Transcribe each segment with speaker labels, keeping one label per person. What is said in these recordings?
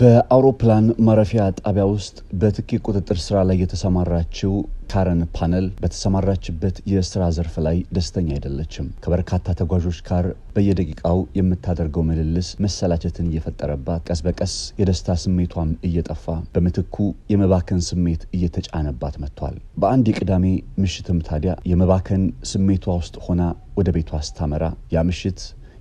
Speaker 1: በአውሮፕላን ማረፊያ ጣቢያ ውስጥ በትኪ ቁጥጥር ስራ ላይ የተሰማራችው ካረን ፓነል በተሰማራችበት የስራ ዘርፍ ላይ ደስተኛ አይደለችም። ከበርካታ ተጓዦች ጋር በየደቂቃው የምታደርገው ምልልስ መሰላቸትን እየፈጠረባት፣ ቀስ በቀስ የደስታ ስሜቷም እየጠፋ በምትኩ የመባከን ስሜት እየተጫነባት መጥቷል። በአንድ የቅዳሜ ምሽትም ታዲያ የመባከን ስሜቷ ውስጥ ሆና ወደ ቤቷ ስታመራ ያ ምሽት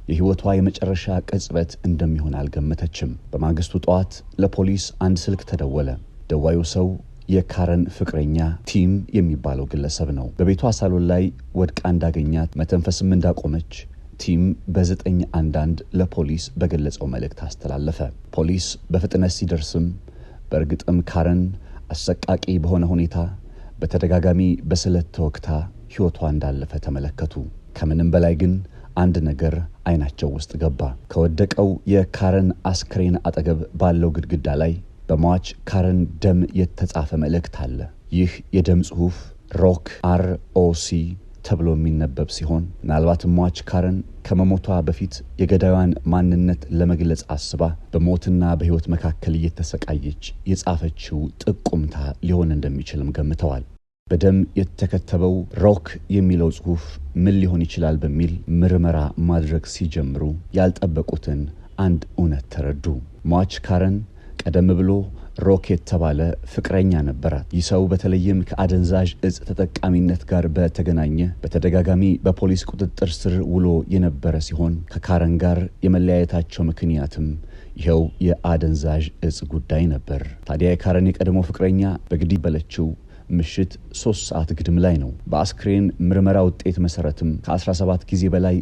Speaker 1: የሕይወቷ የመጨረሻ ቅጽበት እንደሚሆን አልገመተችም። በማግስቱ ጠዋት ለፖሊስ አንድ ስልክ ተደወለ። ደዋዩ ሰው የካረን ፍቅረኛ ቲም የሚባለው ግለሰብ ነው። በቤቷ ሳሎን ላይ ወድቃ እንዳገኛት መተንፈስም እንዳቆመች ቲም በዘጠኝ አንዳንድ ለፖሊስ በገለጸው መልእክት አስተላለፈ። ፖሊስ በፍጥነት ሲደርስም በእርግጥም ካረን አሰቃቂ በሆነ ሁኔታ በተደጋጋሚ በስለት ተወግታ ሕይወቷ እንዳለፈ ተመለከቱ። ከምንም በላይ ግን አንድ ነገር አይናቸው ውስጥ ገባ። ከወደቀው የካረን አስክሬን አጠገብ ባለው ግድግዳ ላይ በሟች ካረን ደም የተጻፈ መልእክት አለ። ይህ የደም ጽሑፍ ሮክ አር ኦ ሲ ተብሎ የሚነበብ ሲሆን ምናልባት ሟች ካረን ከመሞቷ በፊት የገዳዩን ማንነት ለመግለጽ አስባ በሞትና በሕይወት መካከል እየተሰቃየች የጻፈችው ጥቁምታ ሊሆን እንደሚችልም ገምተዋል። በደም የተከተበው ሮክ የሚለው ጽሑፍ ምን ሊሆን ይችላል በሚል ምርመራ ማድረግ ሲጀምሩ ያልጠበቁትን አንድ እውነት ተረዱ። ሟች ካረን ቀደም ብሎ ሮክ የተባለ ፍቅረኛ ነበራት። ይህ ሰው በተለይም ከአደንዛዥ እጽ ተጠቃሚነት ጋር በተገናኘ በተደጋጋሚ በፖሊስ ቁጥጥር ስር ውሎ የነበረ ሲሆን ከካረን ጋር የመለያየታቸው ምክንያትም ይኸው የአደንዛዥ እጽ ጉዳይ ነበር። ታዲያ የካረን የቀድሞ ፍቅረኛ በግድ በለችው ምሽት 3 ሰዓት ግድም ላይ ነው። በአስክሬን ምርመራ ውጤት መሰረትም ከ17 ጊዜ በላይ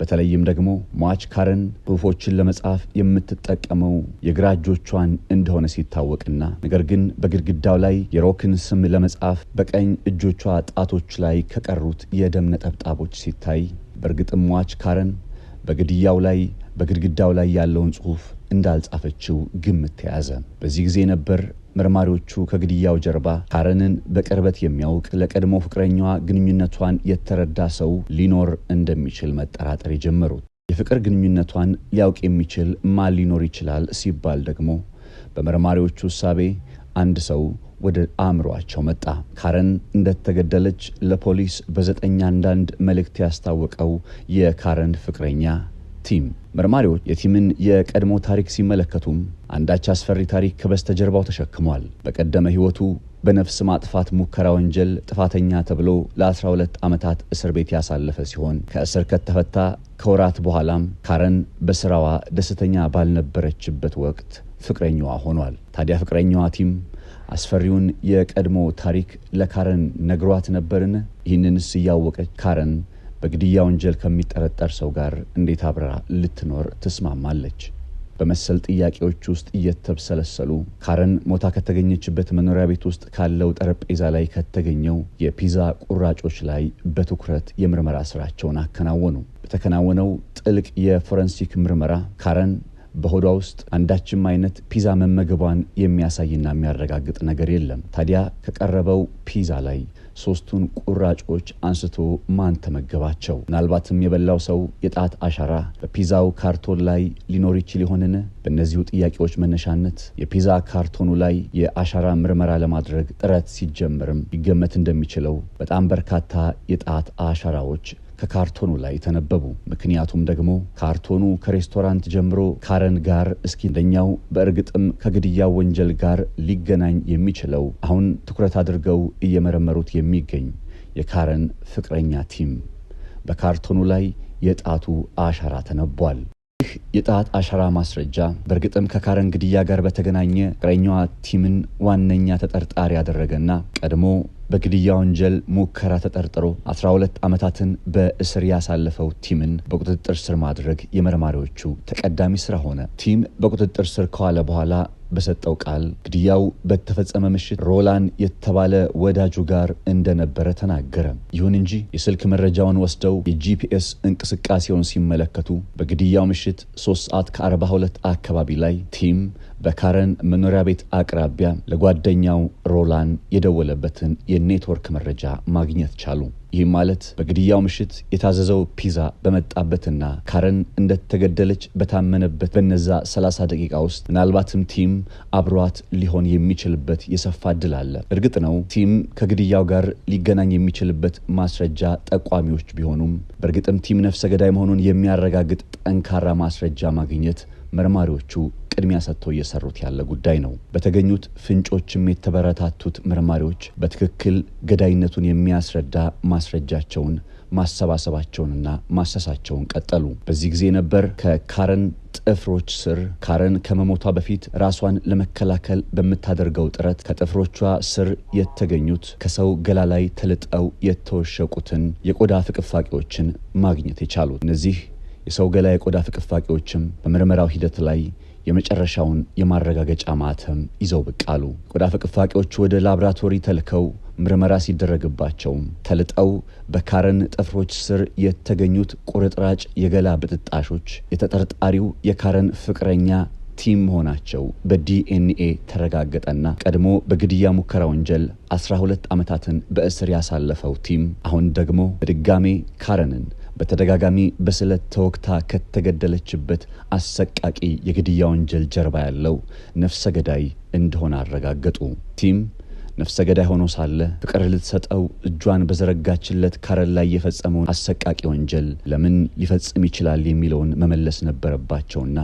Speaker 1: በተለይም ደግሞ ሟች ካረን ጽሁፎችን ለመጻፍ የምትጠቀመው የግራ እጆቿን እንደሆነ ሲታወቅና ነገር ግን በግድግዳው ላይ የሮክን ስም ለመጻፍ በቀኝ እጆቿ ጣቶች ላይ ከቀሩት የደም ነጠብጣቦች ሲታይ በእርግጥም ሟች ካረን በግድያው ላይ በግድግዳው ላይ ያለውን ጽሁፍ እንዳልጻፈችው ግምት ተያዘ። በዚህ ጊዜ ነበር መርማሪዎቹ ከግድያው ጀርባ ካረንን በቅርበት የሚያውቅ ለቀድሞ ፍቅረኛዋ ግንኙነቷን የተረዳ ሰው ሊኖር እንደሚችል መጠራጠር የጀመሩት። የፍቅር ግንኙነቷን ሊያውቅ የሚችል ማን ሊኖር ይችላል ሲባል ደግሞ በመርማሪዎቹ እሳቤ አንድ ሰው ወደ አእምሯቸው መጣ። ካረን እንደተገደለች ለፖሊስ በዘጠኝ አንዳንድ መልእክት ያስታወቀው የካረን ፍቅረኛ ቲም መርማሪዎች የቲምን የቀድሞ ታሪክ ሲመለከቱም አንዳች አስፈሪ ታሪክ ከበስተጀርባው ተሸክሟል። በቀደመ ሕይወቱ በነፍስ ማጥፋት ሙከራ ወንጀል ጥፋተኛ ተብሎ ለ12 ዓመታት እስር ቤት ያሳለፈ ሲሆን ከእስር ከተፈታ ከወራት በኋላም ካረን በስራዋ ደስተኛ ባልነበረችበት ወቅት ፍቅረኛዋ ሆኗል። ታዲያ ፍቅረኛዋ ቲም አስፈሪውን የቀድሞ ታሪክ ለካረን ነግሯት ነበርን? ይህንንስ እያወቀች ካረን በግድያ ወንጀል ከሚጠረጠር ሰው ጋር እንዴት አብራ ልትኖር ትስማማለች? በመሰል ጥያቄዎች ውስጥ እየተብሰለሰሉ ካረን ሞታ ከተገኘችበት መኖሪያ ቤት ውስጥ ካለው ጠረጴዛ ላይ ከተገኘው የፒዛ ቁራጮች ላይ በትኩረት የምርመራ ስራቸውን አከናወኑ። በተከናወነው ጥልቅ የፎረንሲክ ምርመራ ካረን በሆዷ ውስጥ አንዳችም አይነት ፒዛ መመገቧን የሚያሳይና የሚያረጋግጥ ነገር የለም። ታዲያ ከቀረበው ፒዛ ላይ ሶስቱን ቁራጮች አንስቶ ማን ተመገባቸው? ምናልባትም የበላው ሰው የጣት አሻራ በፒዛው ካርቶን ላይ ሊኖር ይችል ይሆንን? በእነዚሁ ጥያቄዎች መነሻነት የፒዛ ካርቶኑ ላይ የአሻራ ምርመራ ለማድረግ ጥረት ሲጀመርም ሊገመት እንደሚችለው በጣም በርካታ የጣት አሻራዎች ከካርቶኑ ላይ ተነበቡ። ምክንያቱም ደግሞ ካርቶኑ ከሬስቶራንት ጀምሮ ካረን ጋር እስኪ አንደኛው በእርግጥም ከግድያ ወንጀል ጋር ሊገናኝ የሚችለው አሁን ትኩረት አድርገው እየመረመሩት የሚገኝ የካረን ፍቅረኛ ቲም በካርቶኑ ላይ የጣቱ አሻራ ተነቧል። ይህ የጣት አሻራ ማስረጃ በእርግጥም ከካረን ግድያ ጋር በተገናኘ ቅረኛዋ ቲምን ዋነኛ ተጠርጣሪ ያደረገና ቀድሞ በግድያ ወንጀል ሙከራ ተጠርጥሮ 12 ዓመታትን በእስር ያሳለፈው ቲምን በቁጥጥር ስር ማድረግ የመርማሪዎቹ ተቀዳሚ ስራ ሆነ። ቲም በቁጥጥር ስር ከዋለ በኋላ በሰጠው ቃል ግድያው በተፈጸመ ምሽት ሮላን የተባለ ወዳጁ ጋር እንደነበረ ተናገረ። ይሁን እንጂ የስልክ መረጃውን ወስደው የጂፒኤስ እንቅስቃሴውን ሲመለከቱ በግድያው ምሽት 3 ሰዓት ከ42 አካባቢ ላይ ቲም በካረን መኖሪያ ቤት አቅራቢያ ለጓደኛው ሮላን የደወለበትን የኔትወርክ መረጃ ማግኘት ቻሉ። ይህም ማለት በግድያው ምሽት የታዘዘው ፒዛ በመጣበትና ካረን እንደተገደለች በታመነበት በነዛ 30 ደቂቃ ውስጥ ምናልባትም ቲም አብሯት ሊሆን የሚችልበት የሰፋ እድል አለ። እርግጥ ነው ቲም ከግድያው ጋር ሊገናኝ የሚችልበት ማስረጃ ጠቋሚዎች ቢሆኑም በእርግጥም ቲም ነፍሰ ገዳይ መሆኑን የሚያረጋግጥ ጠንካራ ማስረጃ ማግኘት መርማሪዎቹ ቅድሚያ ሰጥተው እየሰሩት ያለ ጉዳይ ነው። በተገኙት ፍንጮችም የተበረታቱት መርማሪዎች በትክክል ገዳይነቱን የሚያስረዳ ማስረጃቸውን ማሰባሰባቸውንና ማሰሳቸውን ቀጠሉ። በዚህ ጊዜ ነበር ከካረን ጥፍሮች ስር ካረን ከመሞቷ በፊት ራሷን ለመከላከል በምታደርገው ጥረት ከጥፍሮቿ ስር የተገኙት ከሰው ገላ ላይ ተልጠው የተወሸቁትን የቆዳ ፍቅፋቂዎችን ማግኘት የቻሉት። እነዚህ የሰው ገላ የቆዳ ፍቅፋቂዎችም በምርመራው ሂደት ላይ የመጨረሻውን የማረጋገጫ ማተም ይዘው ብቅ አሉ። ቆዳ ፍቅፋቂዎቹ ወደ ላብራቶሪ ተልከው ምርመራ ሲደረግባቸው ተልጠው በካረን ጥፍሮች ስር የተገኙት ቁርጥራጭ የገላ ብጥጣሾች የተጠርጣሪው የካረን ፍቅረኛ ቲም መሆናቸው በዲኤንኤ ተረጋገጠና ቀድሞ በግድያ ሙከራ ወንጀል 12 ዓመታትን በእስር ያሳለፈው ቲም አሁን ደግሞ በድጋሜ ካረንን በተደጋጋሚ በስለት ተወግታ ከተገደለችበት አሰቃቂ የግድያ ወንጀል ጀርባ ያለው ነፍሰ ገዳይ እንደሆነ አረጋገጡ። ቲም ነፍሰ ገዳይ ሆኖ ሳለ ፍቅር ልትሰጠው እጇን በዘረጋችለት ካረል ላይ የፈጸመውን አሰቃቂ ወንጀል ለምን ሊፈጽም ይችላል የሚለውን መመለስ ነበረባቸውና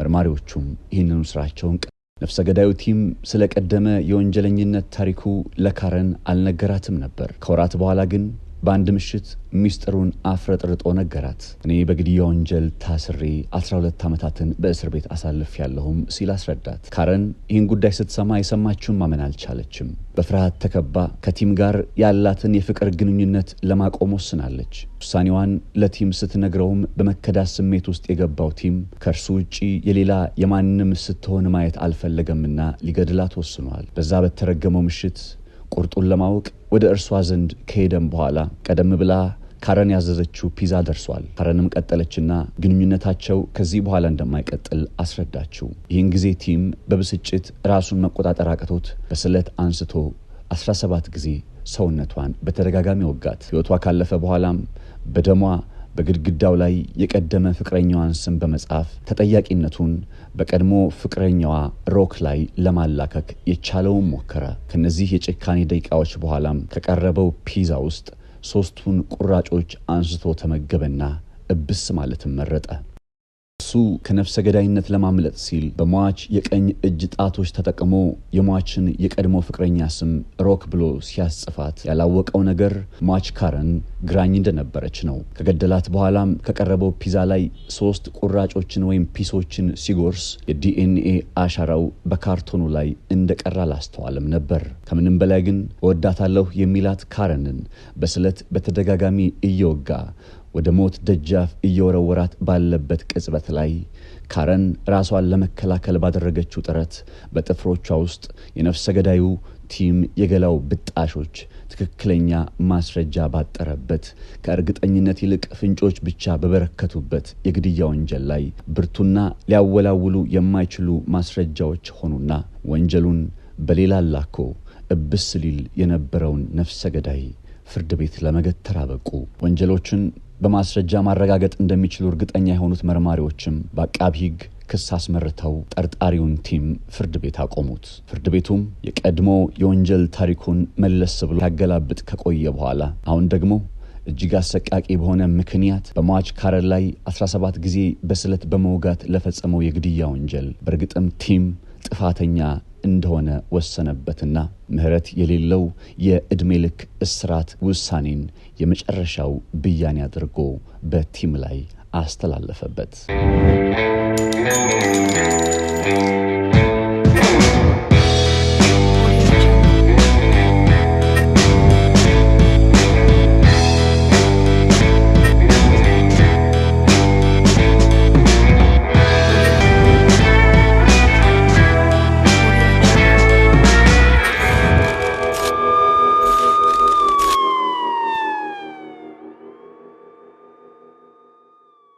Speaker 1: መርማሪዎቹም ይህንኑ ስራቸውን ነፍሰ ገዳዩ ቲም ስለቀደመ የወንጀለኝነት ታሪኩ ለካረን አልነገራትም ነበር። ከወራት በኋላ ግን በአንድ ምሽት ሚስጥሩን አፍረጥርጦ ነገራት። እኔ በግድያ ወንጀል ታስሬ 12 ዓመታትን በእስር ቤት አሳልፍ ያለሁም ሲል አስረዳት። ካረን ይህን ጉዳይ ስትሰማ የሰማችውን ማመን አልቻለችም። በፍርሃት ተከባ ከቲም ጋር ያላትን የፍቅር ግንኙነት ለማቆም ወስናለች። ውሳኔዋን ለቲም ስትነግረውም በመከዳት ስሜት ውስጥ የገባው ቲም ከእርሱ ውጪ የሌላ የማንም ስትሆን ማየት አልፈለገምና ሊገድላት ወስኗል። በዛ በተረገመው ምሽት ቁርጡን ለማወቅ ወደ እርሷ ዘንድ ከሄደም በኋላ ቀደም ብላ ካረን ያዘዘችው ፒዛ ደርሷል። ካረንም ቀጠለችና ግንኙነታቸው ከዚህ በኋላ እንደማይቀጥል አስረዳችው። ይህን ጊዜ ቲም በብስጭት ራሱን መቆጣጠር አቅቶት በስለት አንስቶ 17 ጊዜ ሰውነቷን በተደጋጋሚ ወጋት። ሕይወቷ ካለፈ በኋላም በደሟ በግድግዳው ላይ የቀደመ ፍቅረኛዋን ስም በመጻፍ ተጠያቂነቱን በቀድሞ ፍቅረኛዋ ሮክ ላይ ለማላከክ የቻለውን ሞከረ። ከነዚህ የጭካኔ ደቂቃዎች በኋላም ከቀረበው ፒዛ ውስጥ ሦስቱን ቁራጮች አንስቶ ተመገበና እብስ ማለትም መረጠ። እሱ ከነፍሰ ገዳይነት ለማምለጥ ሲል በሟች የቀኝ እጅ ጣቶች ተጠቅሞ የሟችን የቀድሞ ፍቅረኛ ስም ሮክ ብሎ ሲያስጽፋት ያላወቀው ነገር ሟች ካረን ግራኝ እንደነበረች ነው። ከገደላት በኋላም ከቀረበው ፒዛ ላይ ሶስት ቁራጮችን ወይም ፒሶችን ሲጎርስ የዲኤንኤ አሻራው በካርቶኑ ላይ እንደቀራ አላስተዋልም ነበር። ከምንም በላይ ግን እወዳታለሁ የሚላት ካረንን በስለት በተደጋጋሚ እየወጋ ወደ ሞት ደጃፍ እየወረወራት ባለበት ቅጽበት ላይ ካረን ራሷን ለመከላከል ባደረገችው ጥረት በጥፍሮቿ ውስጥ የነፍሰ ገዳዩ ቲም የገላው ብጣሾች ትክክለኛ ማስረጃ ባጠረበት ከእርግጠኝነት ይልቅ ፍንጮች ብቻ በበረከቱበት የግድያ ወንጀል ላይ ብርቱና ሊያወላውሉ የማይችሉ ማስረጃዎች ሆኑና ወንጀሉን በሌላ አላኮ እብስ ሊል የነበረውን ነፍሰ ገዳይ ፍርድ ቤት ለመገተር አበቁ። ወንጀሎችን በማስረጃ ማረጋገጥ እንደሚችሉ እርግጠኛ የሆኑት መርማሪዎችም በአቃቢ ሕግ ክስ አስመርተው ጠርጣሪውን ቲም ፍርድ ቤት አቆሙት። ፍርድ ቤቱም የቀድሞ የወንጀል ታሪኩን መለስ ብሎ ያገላብጥ ከቆየ በኋላ አሁን ደግሞ እጅግ አሰቃቂ በሆነ ምክንያት በሟች ካረል ላይ 17 ጊዜ በስለት በመውጋት ለፈጸመው የግድያ ወንጀል በእርግጥም ቲም ጥፋተኛ እንደሆነ ወሰነበትና ምህረት የሌለው የዕድሜ ልክ እስራት ውሳኔን የመጨረሻው ብያኔ አድርጎ በቲም ላይ አስተላለፈበት። Thank you.